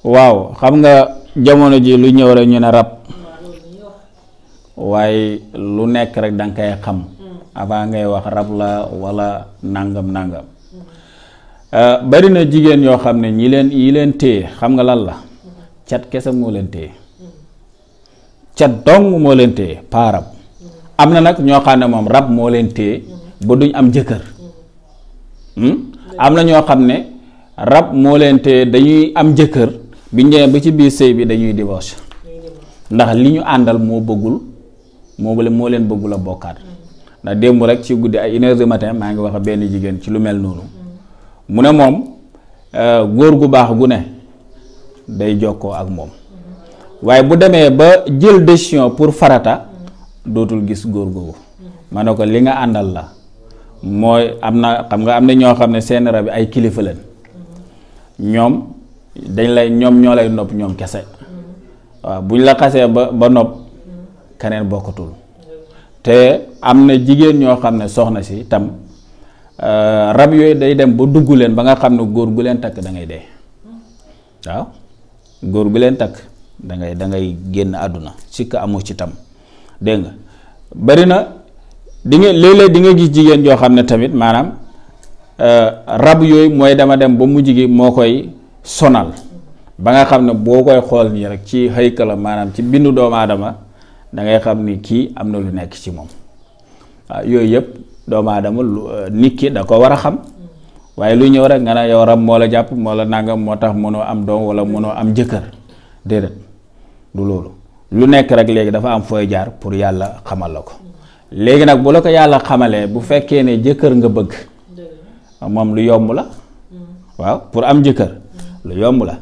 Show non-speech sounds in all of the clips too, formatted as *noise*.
waaw xam nga jamono ji lu ñëw rek ñu ne rab waaye lu nekk rek danga koy xam avant ngay wax rab la walla nàngam nàngam euh, bari na jigéen yoo xam ne ñi leen yi leen téye xam nga lan la cat kese moo leen téye cat dong moo leen téye paa rab am na nag ñoo xam ne moom rab moo leen téye ba duñ am jëkkër hmm? am na ñoo xam ne rab moo leen téye dañuy am jëkkër biñ demee ba ci biir sëy bi dañuy divorce ndax li ñu àndal moo bëggul moo moo leen bëggul a bokkaat mm. ndax démb rek ci guddi ay une heure maa ngi wax ak benn jigéen ci lu mel noonu mm. mu ne moom euh, góor gu baax gu ne day jokkoo ak moom mm. waaye bu demee ba jël décision pour farata dootul gis góor googu ma ko li nga àndal la mooy am na xam nga am na ñoo xam ne seen rab bi ay kilifa leen ñoom. dañ lay ñoom ñoo lay nopp ñoom kese mm-hmm. waaw bu ñu la xasee ba ba nopp mm-hmm. keneen bokkatul te am na jigéen ñoo xam ne soxna si tam euh, rab yooyu day dem ba dugg leen ba nga xam ne góor gu leen takk dangay ngay mm-hmm. góor gu leen takk da ngay génn àdduna sikk amu ci tam dégg nga bari na di nga léeg-léeg di gis jigéen joo xam ne tamit maanaam euh, rab yooyu mooy dama dem ba mu jigi moo koy sonal ba nga xam ne boo koy xool nii rek ci xëykala maanaam ci bindu doomu aadama da ngay xam ni kii am na lu nekk ci moom waaw yooyu yëpp doomu aadama lu euh, nit da ko war a xam waaye lu ñëw rek nga ne yow rab jàpp moo nangam moo tax mënoo am wala mënoo am jëkkër déedéet du loolu lu nekk rek léegi dafa am fooy jaar pour yàlla xamal la ko léegi nag bu la ko yàlla xamalee bu fekkee ne jëkkër nga bëgg moom lu yomb la mm. waaw pour am jëkkër lu yomb la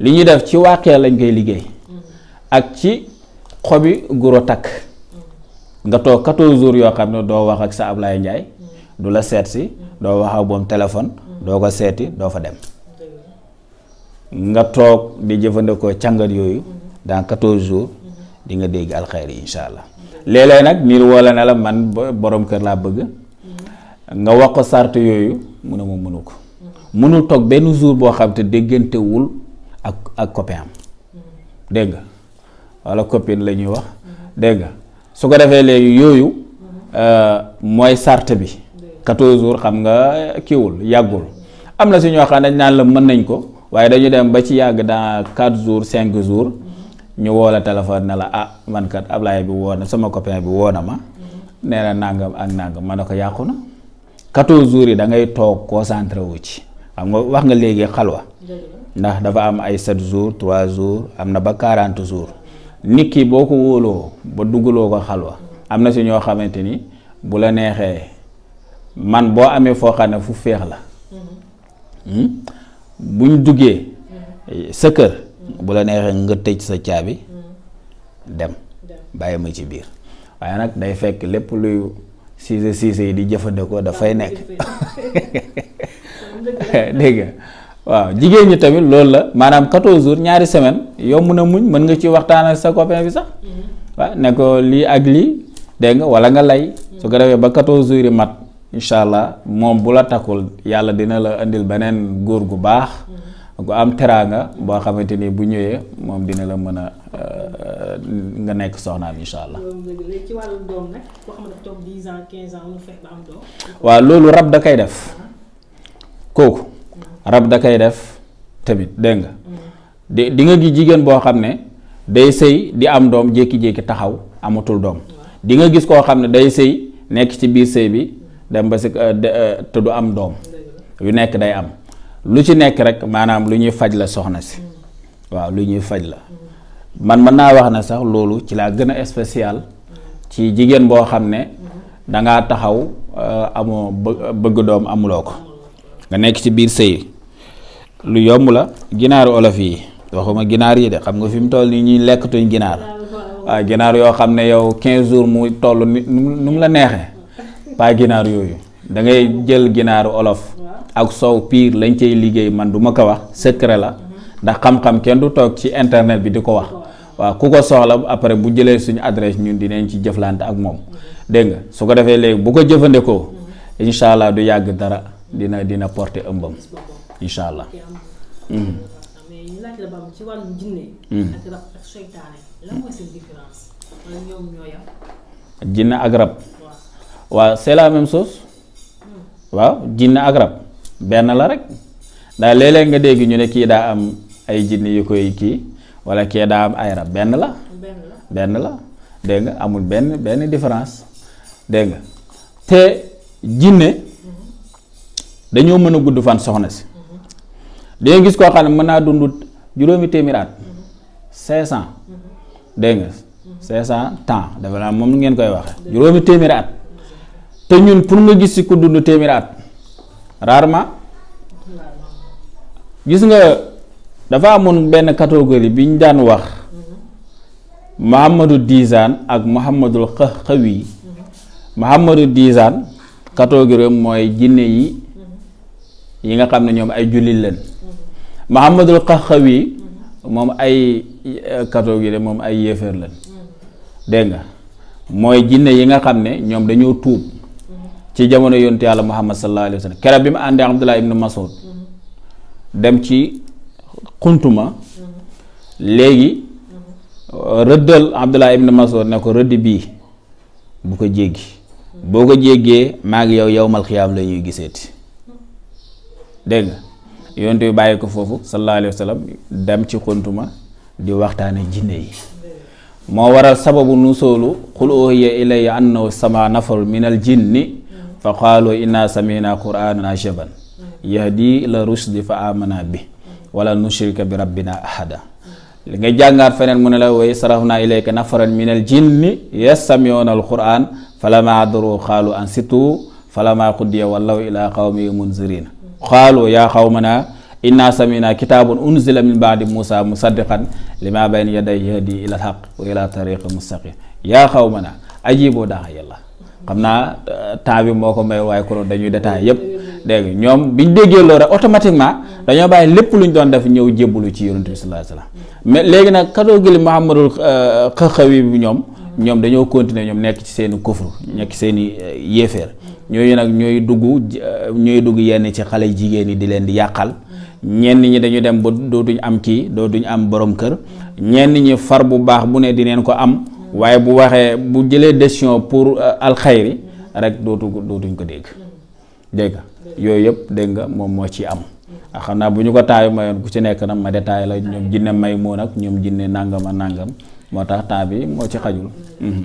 li ñuy def ci waaqee lañ koy liggéey ak ci xobi guro takk nga toog 14 jours yoo xam ne doo wax ak sa Ablaye Ndiaye du la seet si doo wax ak moom téléphone doo ko seeti doo fa dem nga toog di jëfandikoo càngat yooyu dans 14 jours di nga dégg alxayri incha allah léeg nag niir woo la ne la man borom kër laa bëgg nga wax ko sart yooyu mu ne ma mënu ko. mënul toog benn jour boo xam te déggantewul ak ak copain am dégg nga wala copine la ñuy wax dégg nga su ko defee léegi yooyu euh, mooy sart bi 14 jours xam nga kiiwul yàggul am na si ñoo xam ne dañ naan la mën nañ ko waaye dañu dem ba ci yàgg dans 4 jours 5 jours ñu woo la téléphone ne la ah man kat laay bi woo na sama copain bi woo na ma nee na nangam ak nangam ma ne ko yàqu na 14 jours yi da ngay toog concentré wu ci. xam nga wax nga léegi xalwa ndax dafa am ay sept jours trois jours am na ba quarante jours nit ki boo ko wóoloo ba dugguloo ko xalwa am na si ñoo xamante ni bu la neexee man boo amee foo xam ne fu feex la mm-hmm. hmm? buñ duggee mm-hmm. sa kër bu la neexee nga tëj sa caabi mm-hmm. dem bàyyi ma ci biir waaye nag day fekk lépp luy siise siise yi di jëfandikoo dafay nekk *laughs* *laughs* dégg waaw jigéen ñi tamit loolu la maanaam 14 jour ñaari semaine yomb na muñ mën nga ci waxtaan ak sa copain bi sax mm-hmm. waaw ne ko lii ak lii dégg nga wala nga lay mm-hmm. su ko defee ba 14 jours yi mat incha allah moom bu la takkul yàlla dina la indil beneen góor gu baax ko mm-hmm. am teraanga boo xamante ni bu ñëwee moom dina la mën a euh, nga nekk soxnaam incha allah. ci waaw loolu rab da koy def. Ah. kooku rab da koy def tamit dégg nga di di gis jigéen boo xam ne day sëy di am doom jékki-jékki taxaw amatul doom di nga gis koo xam ne day sëy nekk ci biir sëy bi dem ba si euh, euh, te du am doom yu nekk day am lu ci nekk rek maanaam lu ñuy faj la soxna si waaw lu ñuy faj la man mën naa wax ne sax loolu ci laa gën a spécial ci jigéen boo xam ne dangaa taxaw euh, amoo bëgg doom amuloo ko nga nekk ci biir sëy lu yomb la ginaaru olof yi waxuma ginaar yi de xam nga fi mu toll nii ñuy lekkatuñ ginaar waaw ginaar yoo xam ne yow 15 jours mu toll ni nu mu la neexee pas ginaar yooyu da ngay jël ginaaru olof ak sow piir lañ cay liggéey man duma ko wax secret la ndax xam-xam kenn du toog ci internet bi di ko wax waaw ku ko soxla après bu jëlee suñu adresse ñun dinañ ci jëflante ak moom dégg su ko defee léegi bu ko jëfandikoo incha allah du yàgg dara. dina dina porter ëmbam incha allah. Mm. mais ñu laaj jinne mm. ak rab ak seytaane lan mooy mm. waaw jinne ak rab benn la rek ndax léeg-léeg nga dégg ñu ne kii daa am ay jinne yu koy kii walla kii daa am ay rab benn la. benn la dégg amul benn benn différence dégg nga te jinne dañoo mën a gudd fan soxna si dañoo gis koo xam ne mën naa dund juróomi téeméeri at cinq cent dégg nga cinq cent temps dafa laa moom ngeen koy wax juróomi téeméeri te ñun pour nga gis si ku dund téeméeri at rarement gis nga dafa amoon benn catégorie bi ñu daan wax Mouhamadou Dizane ak Mouhamadul Xaxawi Mouhamadou Dizane catégorie mooy jinne yi yi nga xam ne ñoom ay jullit leen Muhammadul Qaxawi moom ay eh, katoo gi de moom ay yéeféer leen dégg nga mooy jinne yi nga xam ne ñoom dañoo tuub ci jamono yontu yàlla Muhammad sallallahu alayhi wa sallam keroog bi mu àndee Abdullah ibnu Mas'ud dem ci xuntuma léegi rëddal Abdullah ibnu Mas'ud ne ko rëdd bii bu ko jéggi boo ko jéggee maa ngi yow yowmal xiyaam la ñuy giseeti dégg nga yonent bàyyi ko foofu sallallahu alayhi dem ci xuntuma di waxtaane jinne yi moo waral sababu nusoolu qul uhiya ilayya annahu sama nafarun min al jinni fa qaalu inna samina qur'anan ajaban yahdi la rushdi fa amana bi wala nushrika bi rabbina ahada li nga jàngaat feneen mu ne la way sarafna ilayka nafaran min al jinni yastamiuna al quran falama adaru qaalu ansitu falama qudiya wallaw ila qawmi munzirina qaalu yaa xaw qawmanaa inna samina kitaabun unzila min baadi muusa musaddiqan lima bayna yadayhi yahdi ila alhaq wa ila tariqi mustaqim yaa qawmana ajibu daa yàlla xam naa euh, temps bi moo ko may waaye konoon dañuy détaillé yépp dégg ñoom biñ déggee loolu rek automatiquement dañoo bàyyi lépp lu ñu doon def ñëw jébbalu ci yonent bi sallallahu alayhi mais léegi nag katoo gili Muhammadul euh, Xaxawi bi ñoom ñoom dañoo continuer ñoom nekk ci seen i kufru nekk ci euh, ñooyu nag ñooy dugg ñuy dugg yenn ci xale jigéen yi di leen di yàqal ñenn ñi dañu dem ba dootuñ am kii dootuñ am boroom kër ñenn ñi far bu baax bu ne di dineen ko am waaye bu waxee bu jëlee desiyon pour euh, alxayri rek dootu dootuñ ko dégg dégg nga yooyu yëpp dégg nga moom moo ci am ah, xam naa bu ñu ko taayu mayoon ku ci nekk nag ma détail la ñoom jinne may moo nag ñoom jinne nàngama nàngam moo tax temps bi moo ci xajul mhm.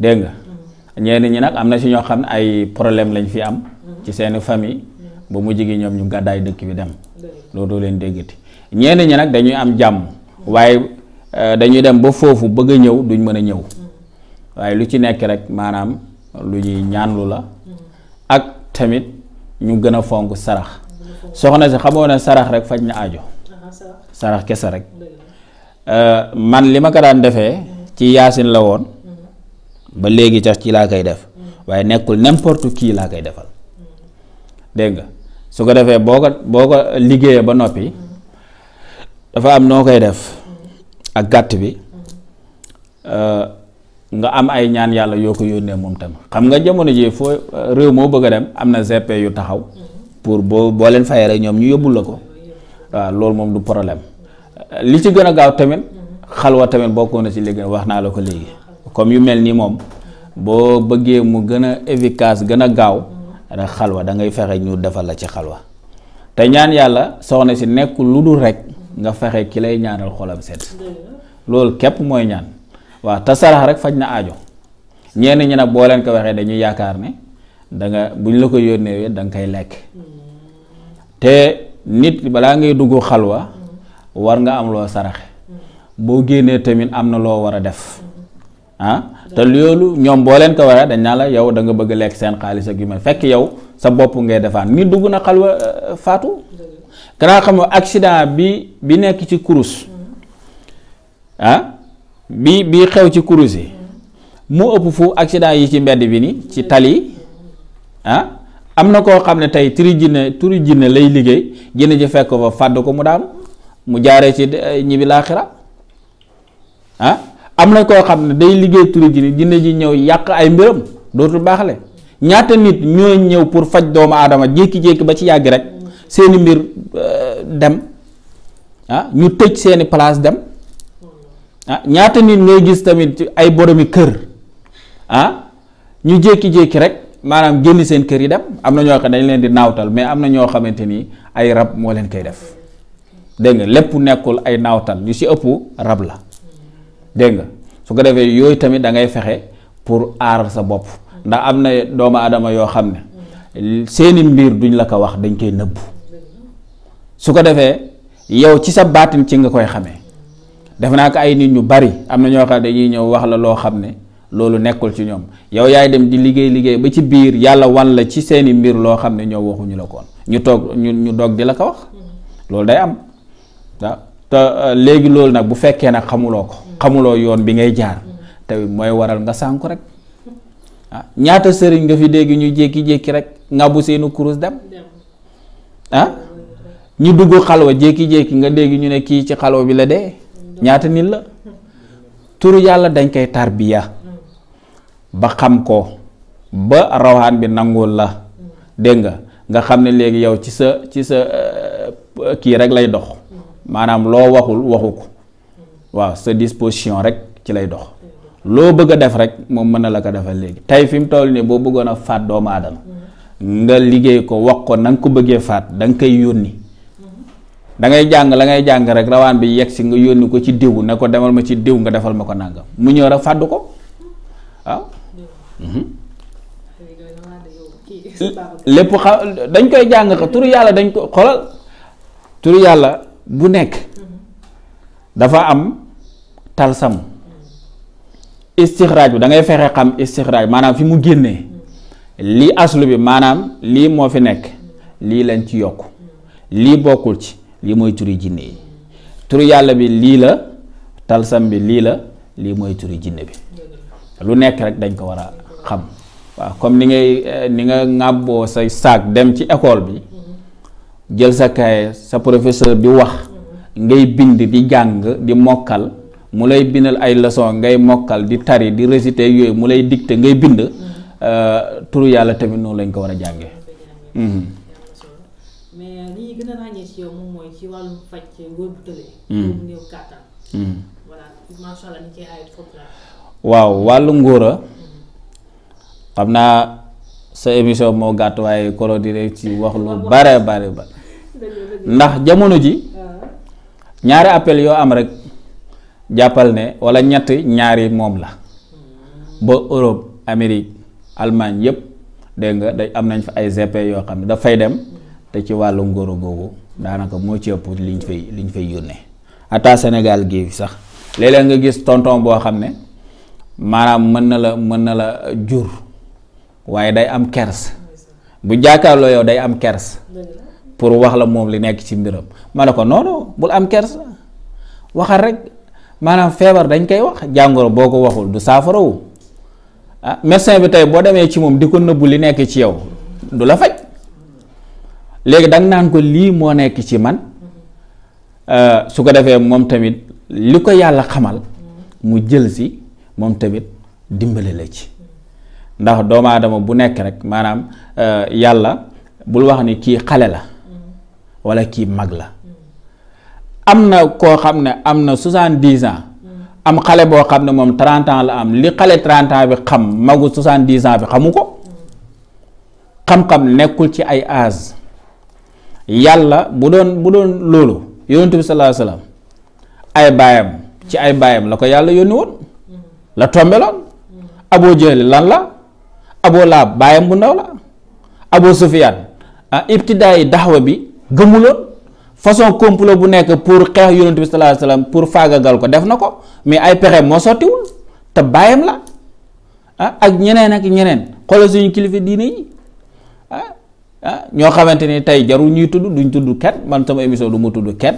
dégg nga ñenn ñi nag am na si ñoo xam ne ay problème lañ fi am ci seeni famille ba mu jigi ñoom ñu gàddaay dëkk bi dem loolu doo leen déggati ñeen ñi nag dañuy am jàmm waaye euh, dañuy dem ba foofu bëgg a ñëw duñ mën a ñëw waaye lu ci nekk rek maanaam lu ñuy ñaanlu la ak tamit ñu gën a fonk sarax soxna si xamoo ne sarax rek faj na ajo sarax kese rek euh, man li ma ko daan defee ci yaasin la woon ba léegi tax ci laa koy def waaye nekkul n'importe kii laa koy defal dégg nga su ko defee boo ko boo ko liggéeyee ba noppi dafa am noo koy def ak gàtt bi euh, nga am ay ñaan yàlla yoo ko yónnee moom tam xam nga jamono ji foo euh, réew moo bëgg a dem am na GP yu taxaw pour boo boo leen fayee rek ñoom ñu yóbbul la ko waaw loolu moom du problème li ci gën a gaaw tamit xalwa tamit bokkoon na ci liggéey wax naa la ko léegi. comme yu mel nii moom boo bëggee mu gën a efficace gën a gaaw rek xalwa da ngay fexe ñu defal la ci xalwa te ñaan yàlla soxna si nekk lu dul rek nga fexe ki lay ñaanal xolam set loolu képp mooy ñaan waa te sarax rek faj na aajo ñenn ñi nag boo leen ko waxee dañuy yaakaar ne da nga bu ñu la ko yónnee da nga koy lekk te nit balaa ngay dugg xalwa war nga am loo saraxe boo génnee tamit am na loo war a def ah te loolu ñoom boo leen ko waree dañ naa la yow da nga bëgg lekk seen xaalis ak yu may fekk yow sa bopp ngay defaan ni dugg na xalwa euh, faatu kanaa xam accident bi bi nekk ci kurus mm-hmm. ah bi bi xew ci kurus yi mm-hmm. mu ëpp fu accident yi ci mbedd bi nii ci tali mm-hmm. ah? am na koo xam ne tey turi jinne turi jinne lay liggéey jinne ji fekk fa fàdd ko mu daanu mu jaaree ci euh, ñibbi laaxira ah? am na koo xam ne day liggéey turi jinne jinne ji ñëw yàq ay mbiram dootul baaxle ñaata nit ñoo ñëw pour faj doomu aadama jékki-jékki ba ci yàgg rek seeni mbir euh, dem ah ñu tëj seeni place dem ah, ñaata nit ngay gis tamit ay boromi kër ah ñu jékki-jékki rek maanaam génn seen kër yi dem am na ñoo xam dañ leen di naawtal mais am na ñoo xamante ni ay rab moo leen koy def dégg nga lépp nekkul ay naawtal yu ci ëpp rab la dégg nga su ko defee yooyu tamit dangay fexe pour aar sa bopp ndax am na doomu aadama yoo xam ne seeni mbir duñ la ko wax dañ koy nëbb su ko defee yow ci sa baatin ci nga koy xamee def naa ko ay nit ñu bari am na ñoo xam ne dañuy ñëw wax la loo xam ne loolu nekkul ci ñoom yow yaay dem di liggéey liggéey ba ci biir yàlla wan la ci seeni mbir loo xam ne ñoo waxuñu la koon ñu toog ñu ñu doog di la ko wax loolu day am te euh, léegi loolu nag bu fekkee nag xamuloo ko xamuloo yoon bi ngay jaar te mooy waral nga sànku rek ah, ñaata sëriñ nga fi dégg ñu jékki-jékki rek nga bu kurus dem ah ñu dugg xalwa jékki-jékki nga dégg ñu ne kii ci xalwa bi la dee ñaata nit la turu yàlla dañ koy tarbiya ba xam ko ba rawaan bi nangul la dégg nga nga xam ne léegi yow ci sa ci sa euh, kii rek lay dox maanaam loo waxul waxu ko waaw sa disposition rek ci lay dox loo bëgg a def rek moom mën na la ko defal léegi tey fi mu toll nii boo bëggoon a faat doomu aadama nga liggéey ko wax ko na ko bëggee faat da koy yónni da jàng la jàng rek rawaan bi yegg si nga yónni ko ci diw ne ko demal ma ci diw nga defal ma ko nàngam mu ñëw rek fàddu ko mhm. lépp xam dañ koy jàng ko turu yàlla dañ ko xoolal turu yàlla. bu nekk dafa am talsam istixraaj bi dangay fexe xam istixraaj maanaam fi mu génnee lii aslu bi maanaam lii moo fi nekk lii lañ ci yokk lii bokkul ci lii mooy turi jinne yi turu yàlla bi lii la talsam bi lii la lii mooy turi jinne bi lu nekk rek dañ ko war a xam waaw comme ni ngay eh, ni nga ŋàbboo say saak dem ci école bi jël sa kaye sa professeur di wax ngay bind di jàng di mokkal mu lay bindal ay leçon ngay mokkal di tari di réciter yooyu mu lay dicter ngay bind mm-hmm. euh, turu yàlla tamit noonu lañ ko war a jàngee. Mm-hmm. mais li mm-hmm. waaw wàllu ngóora xam naa sa émission moo gàtt waaye koro di rek ci wax lu bare bare bare ndax jamono ji ñaari appel yoo am rek jàppal ne wala ñett ñaari moom la ba Europe Amérique Allemagne yëpp dégg nga day am nañ fa ay GP yoo xam ne dafay dem te ci wàllu ngoro googu daanaka moo ci ëpp liñ fay liñ fay yónnee ata senegal gii sax léeg nga gis tonton boo xam ne maanaam mën na la mën na la jur waaye day am kers bu jàkkaarloo yow day am kers pour wax la moom li nekk ci mbiram ma ne ko non bul am kers waxal rek maanaam feebar dañ koy wax jàngoro boo ko waxul du saafarawu ah médecin bi tey boo demee ci moom di ko nëbbu li nekk ci yow du la faj léegi danga naan ko lii moo nekk ci man euh, su ko defee moom tamit li ko yàlla xamal mu jël si moom tamit dimbali la ci ndax doomu aadama bu nekk rek maanaam euh, yàlla bul wax ni kii xale la wala kii mag la am na koo xam ne am na soixante-dix ans am xale boo xam ne moom trente la am li xale trente bi xam magu soixante-dix ans bi xamu ko xam-xam nekkul ci ay âge yàlla bu doon bu doon loolu yonent bi sallallahu alayhi ay baayam ci ay baayam la ko yàlla yónni woon la tombe loon Abu Jahal lan la Abu Lahab baayam bu ndaw la Abu Sufyaan ah, ibtidaay daxwa bi gëmu la façon complot bu nekk pour xeex yonent bi sallallahu alayhi wasallam pour faagagal ko def na ko mais ay pexe moo sottiwul te bàyyam la ah ak ñeneen ak ñeneen xoolal suñu kilifa diine yi ah ah ñoo xamante ni tey jarul ñuy tudd duñ tudd ket man sama émission du ma tudd kenn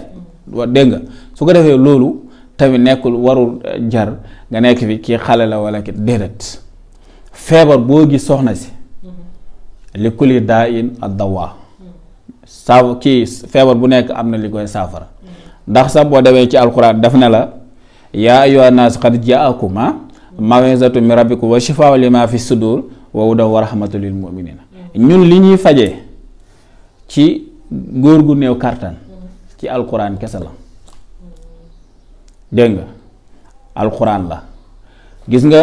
wa dégg nga su ko defee loolu tamit nekkul warul eh, jar nga nekk fi kii xale la wala ki déedéet feebar boo gis soxna si mm-hmm. li kuli daa in ad dawaa saaw kii feebar bu nekk am na li koy saafara ndax sa boo demee ci alxuraan def ne la yaa ayyuha naas qad jaakuma mawizatu min rabbikum wa li lima fi sudur wa hudan wa rahmatu lil muminina ñun li ñuy faje ci góor gu néew kartan ci alxuraan kese la dégg nga alxuraan la gis nga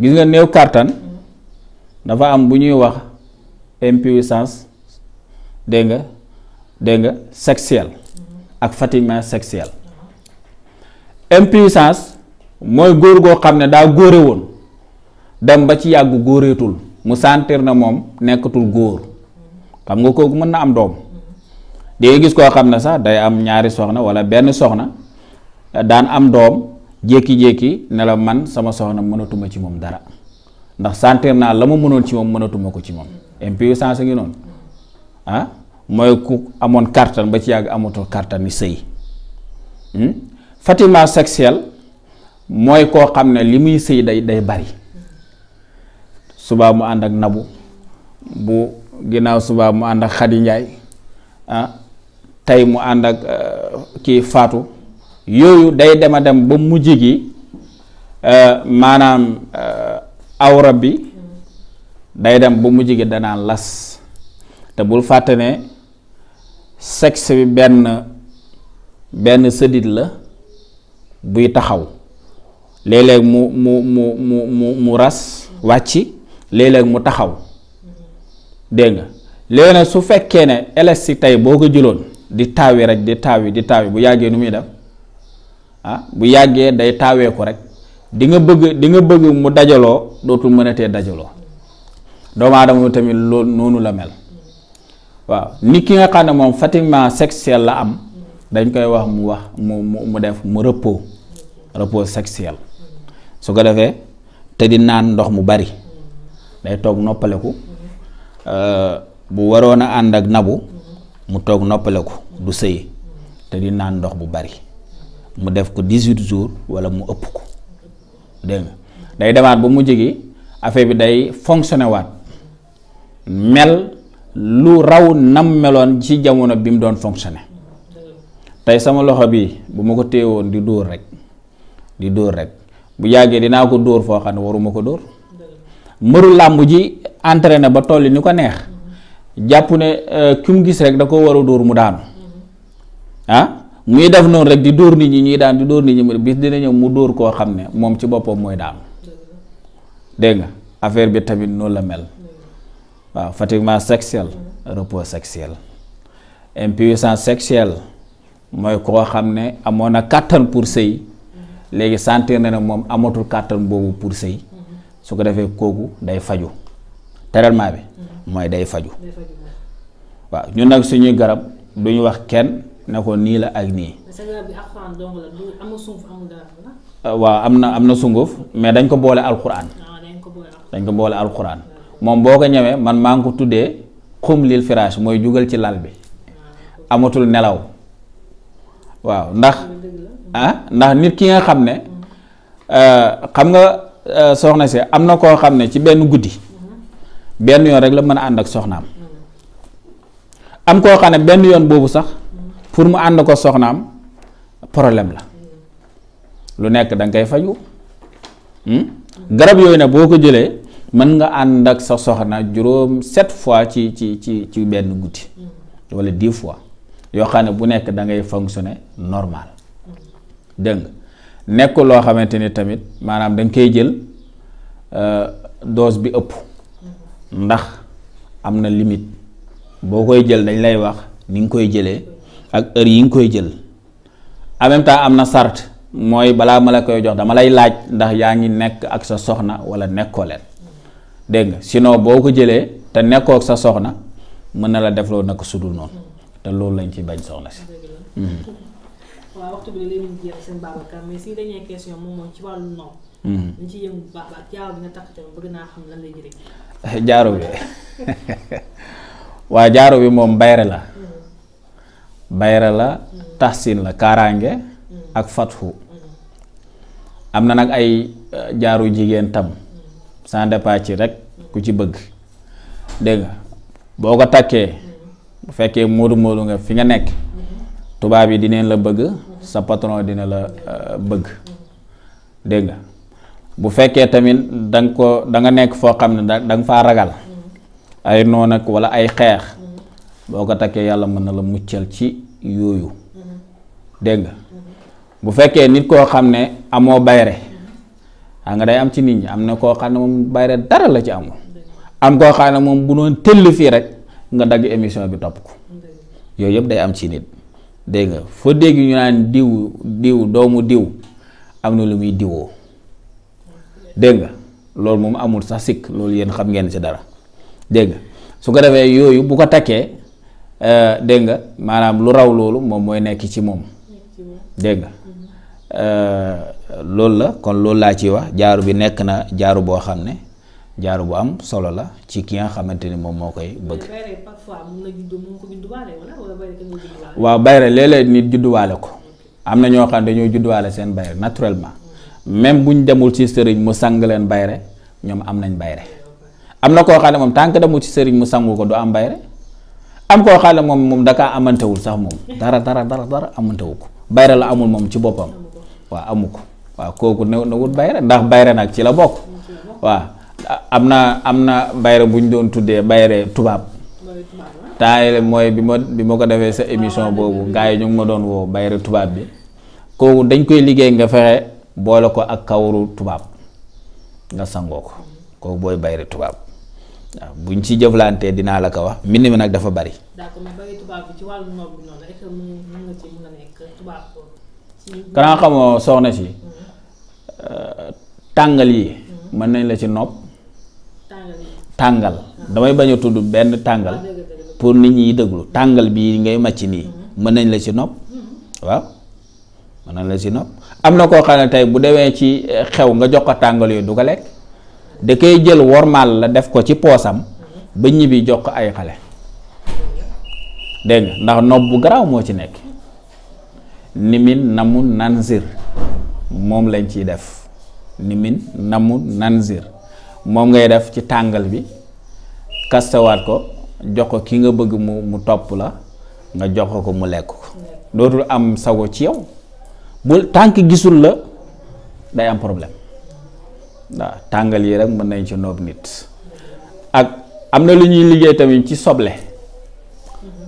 gis nga néew kartan dafa am bu ñuy wax impuissance dégg nga dégg nga sexuel ak fatiguement sexuel impuissance mooy góor goo xam ne daa góore woon dem ba ci yàgg góoreetul mu sentir na moom nekkatul góor xam nga kooku mën na am doom dangay gis koo xam ne sax day am ñaari soxna walla benn soxna daan am doom jékki-jékki ne la man sama soxna mënatuma ci moom dara ndax sentir naa la ma mënoon ci moom mënatuma ko ci moom impuissance a ngi noonu ah mooy ku amoon kàttan ba ci yàgg amatul kàttan ni sëy hmm? Fatima sexuel mooy koo xam ne li muy sëy day day bari subaa mu ànd ak nabu bu ginnaaw subaa mu ànd ak Xadi Njaay ah, tey mu ànd ak uh, kii faatu yooyu day dema dem ba mujj gi uh, maanaam uh, awrab bi day dem ba mujj gi danaan las te bul fàtte ne sexe bi benn benn sëdit la buy taxaw léeg mu mu mu mu mu mu ras wàcc léeg mu taxaw dégg nga léegi su fekkee ne LS tey boo ko jëloon di taawi rek di taawi di taawi bu yàggee nu muy def ah, bu yàggee day taawee rek di nga bëgg di nga bëgg mu dajaloo dootul mënatee dajaloo doomu aadama tamit loolu noonu la mel. waaw nit ki nga xam ne moom fatiguement sexuel la am dañ koy wax mu wax mu mu def mu repos repos sexuel su ko defee te di naan ndox mu bari day toog noppaleku bu waroon a ànd ak nabu mu toog noppaleku du sëyi te di naan ndox bu bari mu def ko 18 jours walla mu ëpp ko dégg day demaat ba mu jigi affaire bi day fonctionné waat mel. lu raw nam meloon ci jamono bi mu doon fonctionné tey sama loxo bi bu ma ko téewoon di dóor rek di dóor rek bu yàggee dinaa ko dóor foo xam ne waruma ko dóor mëru làmb ji entraîné ba toll ni ko neex jàpp ne euh, ki mu gis rek da ko war a dóor mu daanu ah muy def noonu rek di dóor nit ñi ñuy daan di dóor nit ñi mu bis dina ñëw mu dóor koo xam ne moom ci boppam mooy daanu dégg nga affaire bi tamit noonu la mel. waaw fatiguement sexuel repos sexuel impuissance sexuelle mooy koo xam ne amoon na kàttan pour sëy léegi sentir na ne moom amatul kàttan boobu pour sëy su ko defee kooku day faju traitement bi mooy day faju waaw ñun nag suñuy garab duñu wax kenn ne ko nii la ak nii waaw am na am na sunguf mais dañ ko boole alxuraan ah, dañ ko boole alxuraan moom boo ko ñemee man maa ngi ko tuddee xum lil firaas mooy jugal ci lal bi amatul nelaw waaw ndax ah ndax nit ki nga xam ne euh, xam nga euh, soxna si am na koo xam ne ci benn guddi benn yoon rek la mën a ànd ak soxnaam koo xam ne benn yoon boobu sax pour mu ànd ko soxnaam problème la lu nekk da koy faju hmm? garab yooyu ne boo ko jëlee mën nga ànd ak sa soxna juróom sept fois ci ci ci ci benn guddi walla dix fois yoo xam ne bu nekk da ngay fonctionner normal dégg nga nekkul loo xamante ni tamit maanaam da koy jël euh, dose bi ëpp ndax am na limite boo koy jël dañ lay wax ni nga koy jëlee ak heure yi nga koy jël en même temps am na sart mooy balaa ma la koy jox dama lay laaj ndax yaa ngi nekk ak sa soxna wala nekkoo dégg nga sinon boo ko jëlee te nekkook sa soxna mën na la defloo loolu naka sudul noonu mm. te loolu lañ ci bañ soxna si. Mm. waaw mm. jaaro bi nga *laughs* jaaro *laughs* bi moom bayre la. bayre la taxsin la kaaraange. ak fatxu am na nag ay eh, jaaru jigéen tam. sans départ ci rek ku ci bëgg dégg nga boo ko takkee bu fekkee móodu móodu nga fi nga nekk tubaab yi dinañ la bëgg sa patron dina la euh, bëgg dégg nga bu fekkee tamit da ko danga nekk foo xam ne da nga faa ragal ay noon walla ay xeex boo ko takkee yàlla mën na la muccal ci yooyu dégg bu fekkee nit koo xam ne amoo bayre xam nga day am ci nit ñi am na koo xam ne moom bayre dara la ci amul am koo xam ne moom bu doon tëll fii rek nga dagg émission bi topp ko yooyu yëpp day am ci nit dégg nga fa dégg ñu naan diw diw doomu diw am na lu muy diwoo dégg nga loolu moom amul sax sikk loolu yéen xam ngeen si dara dégg su ko defee yooyu bu ko takkee euh, dégg nga maanaam lu raw loolu moom mooy nekk ci moom dégg nga euh, loolu la kon loolu laa ciy wax jaaru bi nekk na jaaru boo xam ne jaaru bu am solo la ci ki nga xamante ni moom moo koy bëgg. waaw bayre léeg-léeg nit ko am na ñoo xam ne dañoo judduwaale seen bayre naturellement même bu ñu demul ci sëriñ mu sang leen bayre ñoom am nañ bayre am na koo xam ne moom tànk demul ci sëriñ mu sangu ko du am bayre am koo xam ne moom moom dakaa amantewul sax moom dara dara dara dara amantewu ko bayre la amul moom ci boppam waaw amu ko. waaw kooku na na wut bayra ndax bayra nag ci la bokk waaw am na am na bayra bu ñu doon tuddee bayre tubaab taayale mooy bi ma bi ma ko defee sa émission boobu gars yi ñu ngi ma doon woo bayre tubaab bi kooku dañ koy liggéey nga fexe boole ko ak kawaru tubaab nga sangoo ko kooku booy bayre tubaab waaw buñ ci jëflantee dinaa la ko wax mbind mi nag dafa bari. d'accord kanaa xamoo soxna si. tàngal yi mën nañ la ci nopp tàngal damay bañ a tudd benn tàngal ah, pour nit ñi déglu tàngal bii ngay màcc nii mm-hmm. mën nañ la ci nopp mm-hmm. waaw mën nañ la ci nopp am na koo xam ne tey bu demee ci eh, xew nga jox ko tàngal yooyu du ko lekk da koy jël wormaal la def ko ci poosam mm-hmm. ba ñibbi jox ko ay xale dégg ndax nopp bu garaaw moo ci nekk nimin namu nansir moom lañ ciy def nimin namu nansir moom ngay def ci tàngal bi kastewaat ko jox ko ki nga bëgg mu mu topp la nga jox ko mu lekk ko dootul am sago ci yow bu tànk gisul la day am problème waaw tàngal yi rek mën nañ ci noob nit ak am na lu ñuy liggéey tamit ci soble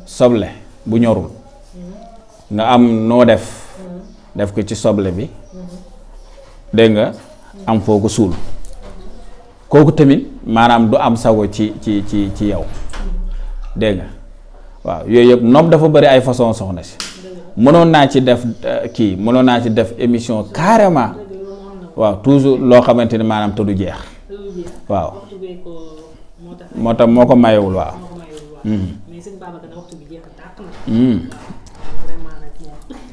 soble bu ñorul nga am noo def def ko ci soble bi dégg nga am foo ko suul kooku tamit maanaam du am sago ci ci ci ci yow dégg nga waaw yooyu yëpp nopp dafa bari ay façon soxna si mënoon naa ci def euh, kii mënoon naa ci def émission carrément waaw toujours loo xamante ni maanaam te du jeex waaw moo tax moo ko mayewul waaw. Hmm.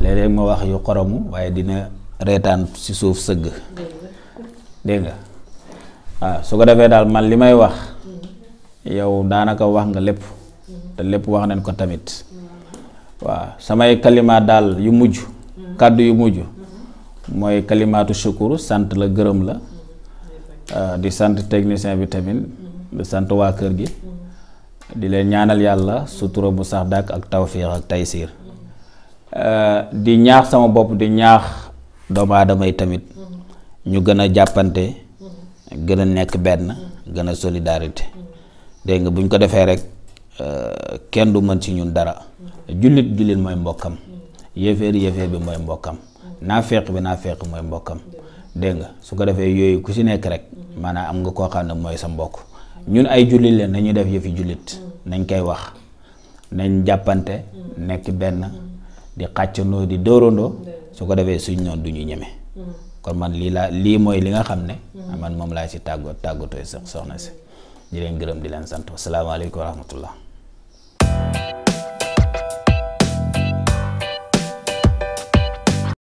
léeg ma wax yu xoromu waaye dina reetaan ci suuf sëgg dégg nga waaw su ko defee daal man li may wax yow daanaka wax nga lépp te lépp wax nañ ko tamit waaw samay kalimaat daal yu mujj kàddu yu mujj mooy kalimaatu sukkur sant la gërëm la di sant technicien bi tamit di sant waa kër gi di leen ñaanal yàlla sutura bu sax dàq ak tawfiix ak taysiir Euh, di ñaax sama bopp di ñaax doomu aadama yi tamit ñu gën a jàppante gën a nekk benn gën a solidarité dégg nga bu ñu ko defee rek euh, kenn du mën ci ñun dara jullit jullit mooy mbokkam yéeféer yéeféer bi mooy mbokkam naafeq bi naafeq mooy mbokkam dégg nga su ko defee yooyu ku ci nekk rek maanaam am nga koo xam ne mooy sa mbokk ñun ay jullit leen nañu def yëfi jullit nañ koy wax nañ jàppante nekk benn di xàccandoo di dóorandoo su ko defee suñ noonu du ñu ñeme mm-hmm. kon man lii laa lii mooy li nga xam ne mm-hmm. man moom laa si tàggoo tàggatoo sax soxna si mm-hmm. di leen gërëm di leen sant wasalaamaaleykum wa rahmatullah